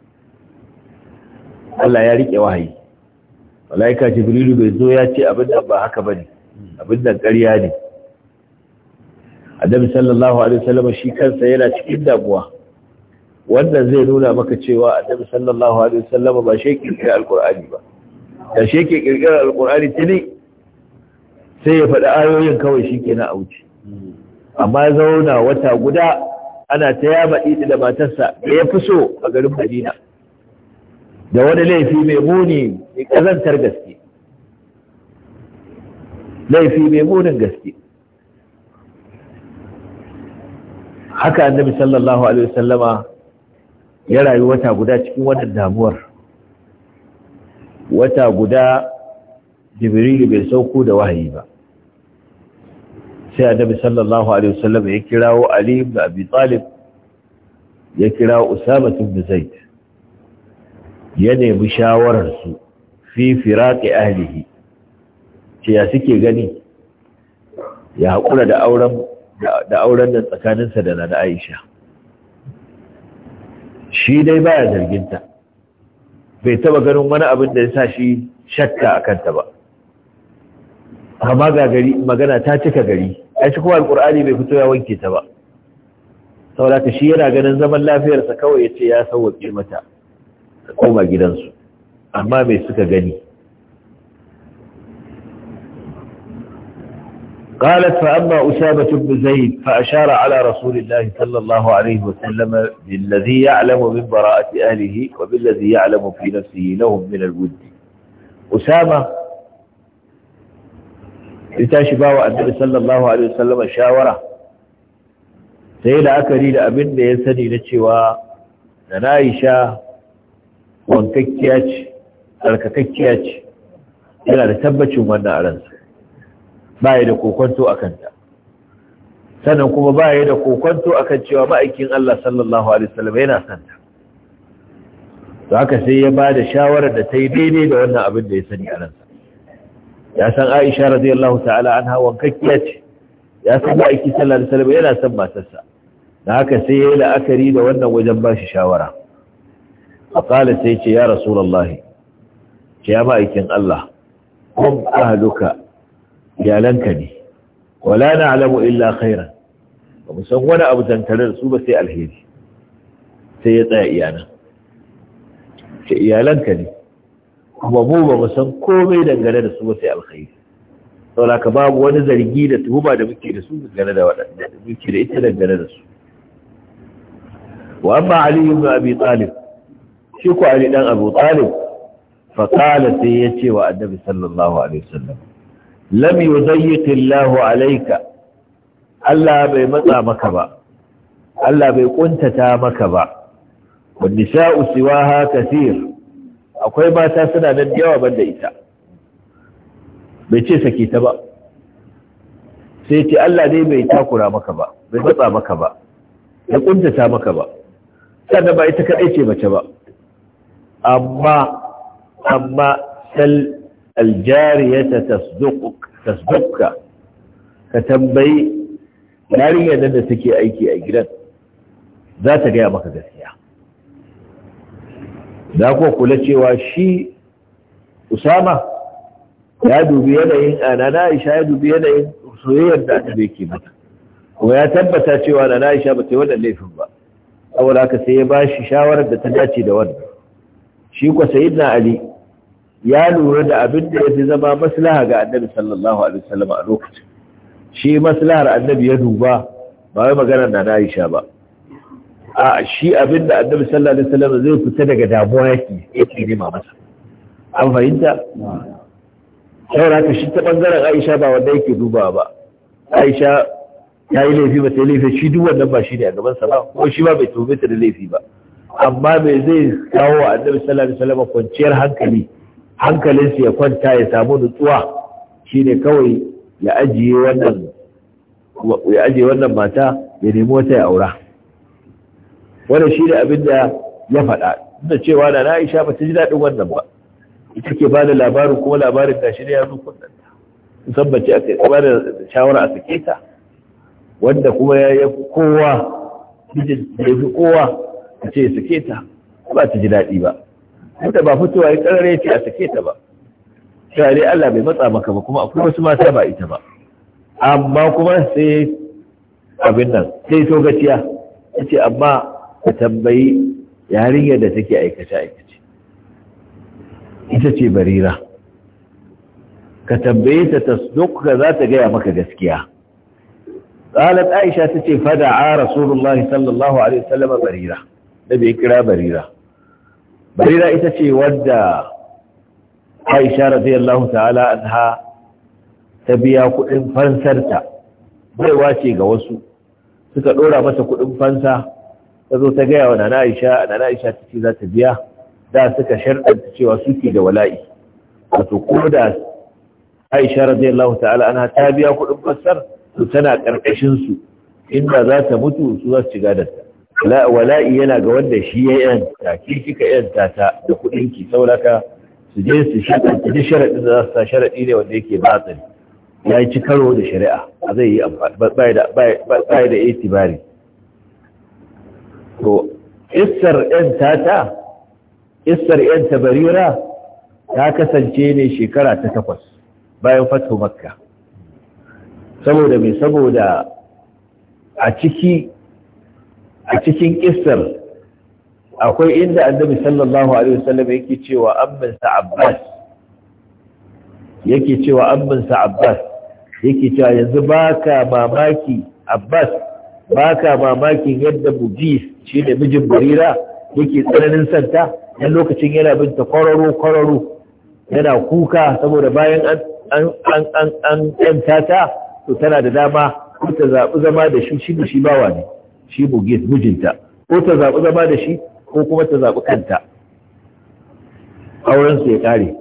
Allah ya rike wahayi malaika jibrilu bai zo ya ce abin da ba haka bane abin da ƙarya ne annabi sallallahu alaihi wasallam shi kansa yana cikin damuwa wannan zai nuna maka cewa annabi sallallahu alaihi wasallam ba shi kirkira alqur'ani ba da shi yake kirkira alqur'ani tuni sai ya faɗi ayoyin kawai shi ke na auci. amma zauna wata guda ana ta yaba da matarsa da ya fi so a garin madina da wani laifi mai muni mai ƙazantar gaske laifi mai munin gaske haka annabi sallallahu alaihi wasallama ya rayu wata guda cikin wannan damuwar wata guda jibrilu bai sauko da wahayi ba sai annabi sallallahu alaihi wasallama ya kirawo ali ibn abi talib ya kirawo usama ibn zaid ya nemi shawararsu fi firaqi ahlihi ce ya suke gani ya haƙura da auren da nan tsakaninsa da na Aisha shi dai baya zarginta bai taba ganin wani abin da ya sa shi shakka a kanta ba amma ga gari magana ta cika gari ya shi kuma Alƙur'ani bai fito ya wanke ta ba saboda shi yana ganin zaman lafiyarsa kawai ya ce ya sauwaƙe mata ta koma gidansu amma mai suka gani قالت فأما أسامة بن زيد فأشار على رسول الله صلى الله عليه وسلم بالذي يعلم من براءة أهله وبالذي يعلم في نفسه لهم من الود أسامة لتاشي باوى النبي صلى الله عليه وسلم شاورة سيلا أكري لأبن يسني نتشوى ننائشا وانككياتش alkakakkiya ce yana da tabbacin ba ya da kokonto a kanta sannan kuma ba ya da kokonto a kan cewa ma'aikin Allah sallallahu Alaihi wasallam yana santa to haka sai ya ba da shawarar da ta yi daidai da wannan abin da ya sani a ransa ya san aisha radiyallahu ta'ala an hawan kakkiya ce ya san ma'aiki sallallahu Alaihi wasallam yana son matarsa da haka sai ya yi la'akari da wannan wajen ba shi shawara a ƙala sai ce ya rasulallahi ce ya ma'aikin Allah kun ahaluka iyalanka ne wala na alamu illa khairan ba mu san wani abu tattare da su ba sai alheri sai ya tsaya iyalan ce iyalanka ne kuma mu ba mu san komai dangane da su ba sai alheri da ka babu wani zargi da tuhuma da muke da su dangane da waɗanda muke da ita dangane da su wa amma ali ibn abi talib shi ko ali dan abu talib fa qala sai ya ce wa annabi sallallahu alaihi wasallam lam yudayyiq Allahu alayka Allah bai matsa maka ba Allah bai kuntata maka ba wan nisa'u siwaha kaseer akwai mata suna nan yawa banda ita bai ce sake ta ba sai ce Allah ne bai takura maka ba bai matsa maka ba ya kuntata maka ba sannan ba ita kadai ce mace ba amma amma sal ta tasduqka ka tambayi yarinyar da take aiki a gidan za ta gaya maka gaskiya za ku kula cewa shi usama ya dubi yanayin anana aisha ya dubi yanayin soyayyar da annabi ke mata kuma ya tabbata cewa anana aisha ba ta yi wannan laifin ba saboda haka sai ya ba shi shawarar da ta dace da wannan shi kwa na ali ya lura da abin da ya fi zama maslaha ga annabi sallallahu alaihi wasallam a lokacin shi maslahar annabi ya duba ba wai magana na na Aisha ba a shi abin da annabi sallallahu alaihi wasallam zai fita daga damuwa yake yake ma masa an fahimta ra ka shi ta bangaren Aisha ba wanda yake duba ba Aisha ya yi laifi ba ta yi laifi shi duk wannan ba shi ne a gaban sa ba ko shi ba bai tobe ta da laifi ba amma me zai kawo annabi sallallahu alaihi wasallam kwanciyar hankali hankalinsu ya kwanta ya samu nutsuwa shine kawai ya ajiye wannan ya ajiye wannan mata ya nemi wata ya aura wannan ne abin da ya faɗa da cewa da Aisha ba ta ji daɗin wannan ba ita ke ba da labarin kuma labarin shi ne ya zo kunnan bace a kai ba da shawara a sake ta wanda kuma ya yi kowa mijin ya fi kowa a ce sake ta ba ta ji daɗi ba wanda ba fitowa ya karare ce a sake ta ba shari Allah bai matsa maka ba kuma akwai wasu mata ba ita ba amma kuma sai abin nan sai so gaciya ce amma ka tambayi yarinyar da take aikace aikace ita ce barira ka tambaye ta tasduka za ta gaya maka gaskiya قالت عائشة تتي فدعا رسول الله صلى الله عليه وسلم بريرة نبي كرا بريرة barira ita ce wadda aisha radiyallahu ta'ala anha ta biya kudin fansarta baiwa ce ga wasu suka dora mata kudin fansa ta zo ta gaya wa nana aisha nana aisha ta ce za ta biya da suka sharɗanta cewa suke da wala'i wato ko da aisha radiyallahu ta'ala anha ta biya kudin fansar to tana karkashin su inda za ta mutu su za su ci gadanta wala'i yana ga wanda shi ya ta, ki kika yan ta da kudin ki sauraka su je su shaɗa sharaɗi da za su ta sharaɗi ne wanda yake batsari ya yi ci karo da shari'a a zai yi amfani bai da itibari to isar yan ta isar yanta barira ta kasance ne shekara ta takwas bayan fatu makka saboda mai saboda a ciki a cikin ƙisar, akwai inda annabi sallallahu alaihi wasallam yake cewa amman sa abbas yake cewa amman sa abbas yake cewa yanzu baka mamaki abbas baka mamakin yadda bujis shi da mijin barira yake tsananin santa yan lokacin yana bin ta kwararo kwararo yana kuka saboda bayan an an an an to tana da dama ko ta zaɓi zama da shi shi ba wani ne shi bugi mijinta ko ta zaɓi zama da shi ko kuma ta zaɓi kanta auren su ya ƙare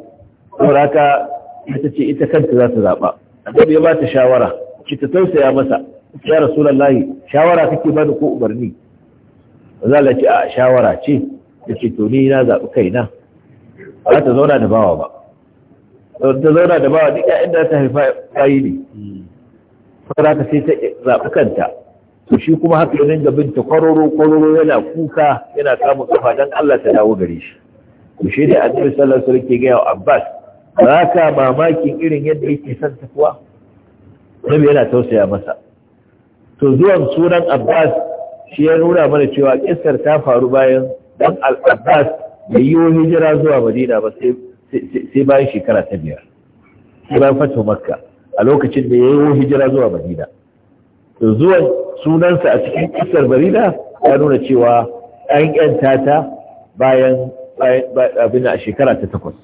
haka ita ce ita kanta za ta zaɓa annabi ya ba ta shawara ki ta tausaya masa ya rasulullahi shawara kake ba da ko umarni la ce a shawara ce da ce to ni na zaɓi kaina ba ta zauna da bawa ba ta zauna da bawa duk ya inda ta haifa bayi ne da ka sai ta zaɓi kanta to shi kuma haka ya da bin ta kwararo yana kuka yana samun kafa dan Allah ta dawo gare shi to shi da annabi sallallahu alaihi wasallam ke Abbas ba ka mamakin irin yadda yake son ta nabi yana tausaya masa to zuwan sunan Abbas shi ya nuna mana cewa kissar ta faru bayan dan Al-Abbas bai yi hijira zuwa Madina ba sai bayan shekara ta biyar sai bayan Makka a lokacin da ya yi hijira zuwa Madina to zuwan sunansa a cikin kisar barida, ya nuna cewa ɗan yanta ta bayan abin a shekara ta takwas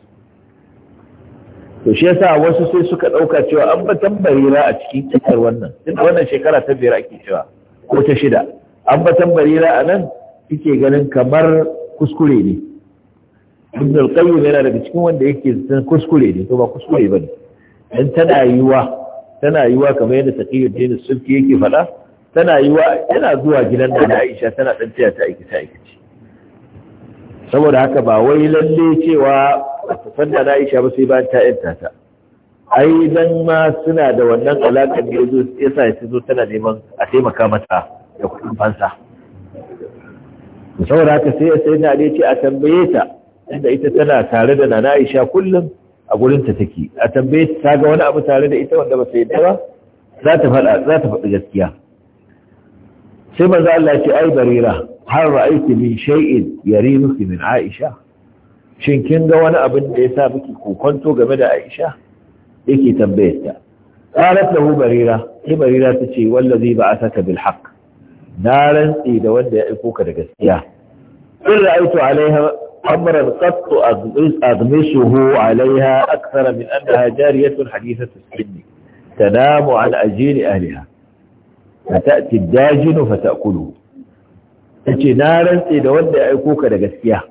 to shi yasa wasu sai suka ɗauka cewa an batan barira a cikin kisar wannan tunda wannan shekara ta biyar ake cewa ko ta shida an batan barira a nan kike ganin kamar kuskure ne ibn al-qayyim yana daga cikin wanda yake zan kuskure ne to ba kuskure bane dan tana yiwa tana yiwa kamar yadda taqiyuddin Sufi yake faɗa tana yi wa yana zuwa gidan da Aisha tana dan tiya ta aiki ta aiki saboda haka ba wai lalle cewa ta san da Aisha ba sai ba ta yanta ta ai dan ma suna da wannan alaƙar da yazo yasa ya zo tana neman a taimaka mata da kuɗin fansa saboda haka sai sai na ce a tambaye ta inda ita tana tare da Nana Aisha kullum a gurin ta take a tambaye ta ga wani abu tare da ita wanda ba sai da ba za ta faɗa za ta faɗi gaskiya sai manzo Allah ya ce ai barira har ra'aiti min shay'in yarinuki min Aisha shin kin ga wani abin da ya sa miki kokonto game da Aisha yake tambayar ta qalat lahu barira sai barira ta ce wallazi ba'athaka bil haqq na rantsi da wanda ya aiko ka da gaskiya in ra'aitu alaiha amran qattu admisuhu alaiha akthara min annaha jariyatun hadithatu sinni tanamu an ajili ahliha فتأتي الداجن فتأكله ce na rantse da wanda ya aiko ka da gaskiya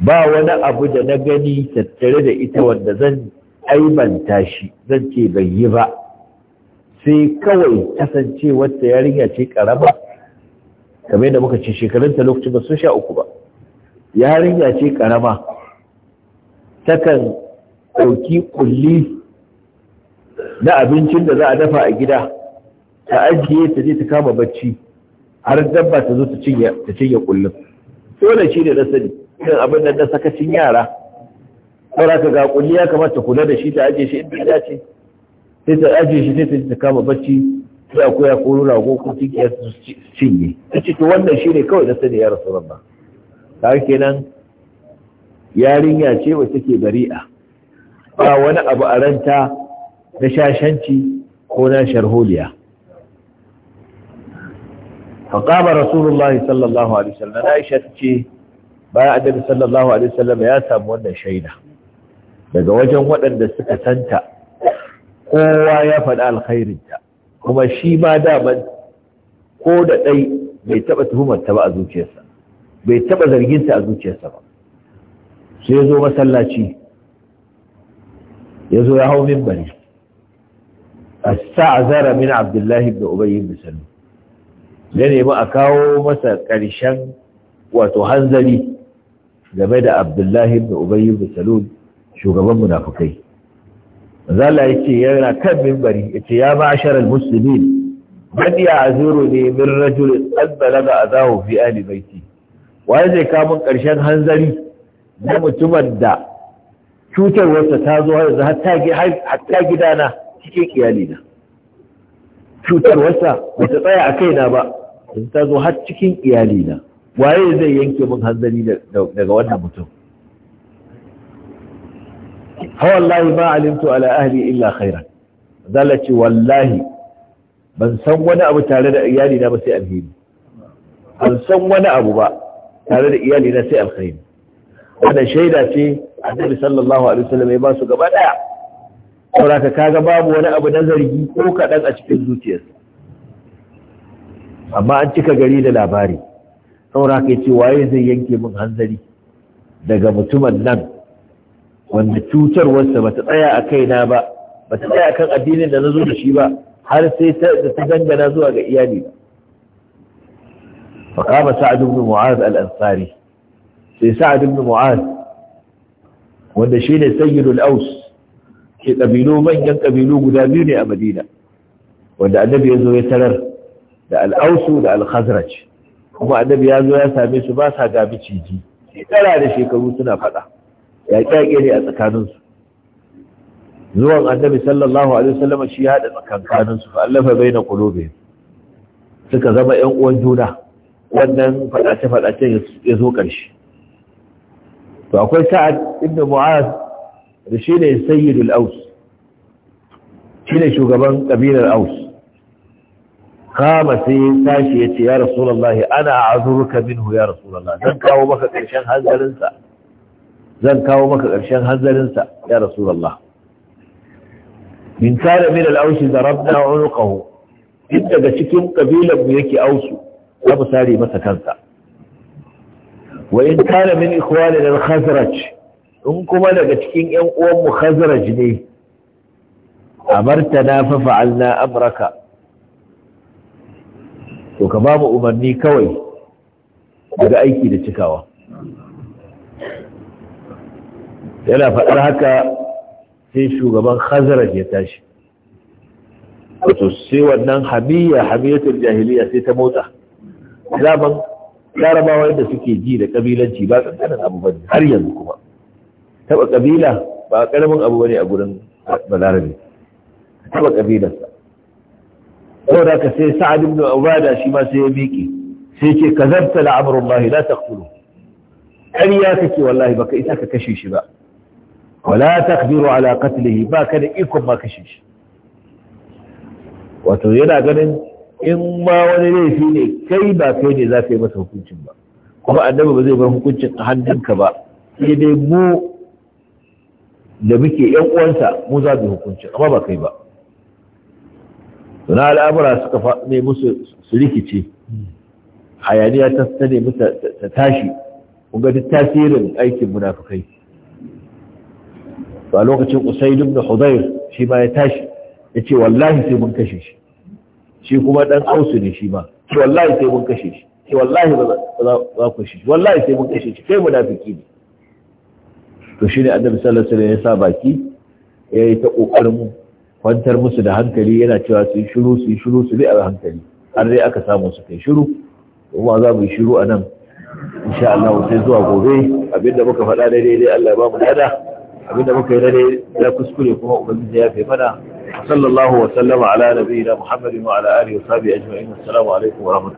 ba wani abu da na gani tattare da ita wanda zan aibanta shi zan ce bai yi ba sai kawai kasance wata yarinya ce karama kamar yadda muka ce shekarunta lokacin ba su sha uku ba yarinya ce karama takan ɗauki kulli na abincin da za a dafa a gida ta ajiye ta je ta kama bacci har dabba ta zo ta cinye kullum dole shi ne na sani kan abin da na sakacin yara saura ka ga kulli ya kamata kula da shi ta ajiye shi inda ya ce. sai ta ajiye shi sai ta je ta kama bacci sai a koya ko rago ko tinkiya su cinye ta ce to wannan shi ne kawai na sani ya rasu rabba ta kenan yarinya ce wa take bari'a ba wani abu a ranta na shashanci ko na sharholiya فقام رسول الله صلى الله عليه وسلم عائشة تشي بايا النبي صلى الله عليه وسلم يا سام wannan shaida daga wajen waɗanda suka santa kowa ya faɗi alkhairinta kuma shi ma daman ko da ɗai bai taɓa tuhumarta ba a zuciyarsa bai taɓa zarginta a zuciyarsa ba sai ya zo masallaci ya zo ya hau mimbari a sa'azara min abdullahi da ubayin musulmi ya nemi a kawo masa ƙarshen wato hanzari game da abdullahi da Ubayyu da Salon shugaban munafukai zala ya ce yana kan mimbari ya ce ya a al-musulmin man ya azuru ne min rajulin ga balaga azahu fi ali baiti waye zai kamun ƙarshen hanzari na mutumar da cutarwarsa ta zo har yanzu hatta gidana cikin iyalina cutarwarsa ba ta tsaya a kaina ba yanzu ta zo har cikin iyalina waye zai yanke min hanzari daga wannan mutum ha wallahi ba alimtu ala ahli illa khairan zalla wallahi ban san wani abu tare da iyalina ba sai alheri ban san wani abu ba tare da iyalina sai alheri wannan shaida ce annabi sallallahu alaihi wasallam ya ba su gaba daya saboda kaga babu wani abu na zargi ko kadan a cikin zuciyarsa amma an cika gari da labari saura kai ce waye zai yanke min hanzari daga mutumin nan wanda cutarwarsa ba ta tsaya a kaina ba ba ta tsaya a kan addinin da na zo da shi ba har sai da ta dangana zuwa ga iyali ba. fa kama sa'ad ibn mu'az al-ansari sai sa'ad ibn mu'az wanda shine sayyidul aus ke kabilu manyan kabilu guda biyu ne a madina wanda annabi ya zo ya tarar da al'ausu da al kuma annabi ya zo ya same su ba sa ga miciji shekara da shekaru suna faɗa yaƙe-yaƙe ne a tsakaninsu zuwan annabi sallallahu alaihi wasallam shi haɗa tsakankaninsu allafa baina kulobe. suka zama yan uwan juna wannan faɗace-faɗacen ya zo ƙarshe to akwai sa'ad inda mu'az da shi ne sayyidul aus shi ne shugaban ƙabilar aus kama sai ya tashi ya ce ya rasulullah ana a'zuruka minhu ya rasulullah zan kawo maka ƙarshen hanzarinsa, sa zan kawo maka karshen hanzarin ya rasulullah min kana min al-aushi darabna unuqahu in daga cikin kabilan mu yake ausu za mu sare masa kansa wa in kana min ikhwanina al-khazraj in kuma daga cikin yan uwan mu khazraj ne amartana fa fa'alna amraka to ka ba mu umarni kawai daga aiki da cikawa yana faɗar haka sai shugaban hazarar ya tashi wato sai wannan hamiya hamiyatul jahiliya sai ta motsa zaman larabawa yadda suke ji da kabilanci ba tsakanin abu ba har yanzu kuma taba kabila ba karamin abu bane a gurin balarabe taba kabilarsa saboda ka sai sa'ad ibn ubada shi ma sai ya miƙe sai ce kazabta la amrullahi la taqtulu ƙarya kake wallahi baka isa ka kashe shi ba wala taqdiru ala qatlihi ba ka da ikon ma kashe shi wato yana ganin in ma wani laifi ne kai ba kai ne za ka yi masa hukuncin ba kuma annabi ba zai bar hukuncin a hannunka ba sai dai mu da muke yan uwansa mu za mu hukunci amma ba kai ba suna al'amura suka faɗi musu su rikice hayaniya ta tane musu ta tashi kuma duk tasirin aikin munafukai a lokacin usaid ibn hudayr shi ma ya tashi ya ce wallahi sai mun kashe shi shi kuma ɗan ausu ne shi ma wallahi sai mun kashe shi ce wallahi ba za ku shi wallahi sai mun kashe shi kai munafiki ne to ne annabi sallallahu alaihi wasallam ya sa baki ya yi ta kokarin kwantar musu da hankali yana cewa su yi shiru su yi shiru su bi a hankali har dai aka samu su kai shiru kuma za mu yi shiru a nan insha Allah sai zuwa gobe abinda muka faɗa daidai dai Allah ba mu nada. abinda muka yi daidai ya kuskure kuma ubangiji ya fi mana sallallahu wa sallama ala nabiyina muhammadin wa ala alihi wa sahbihi ajma'in assalamu alaikum wa rahmatullahi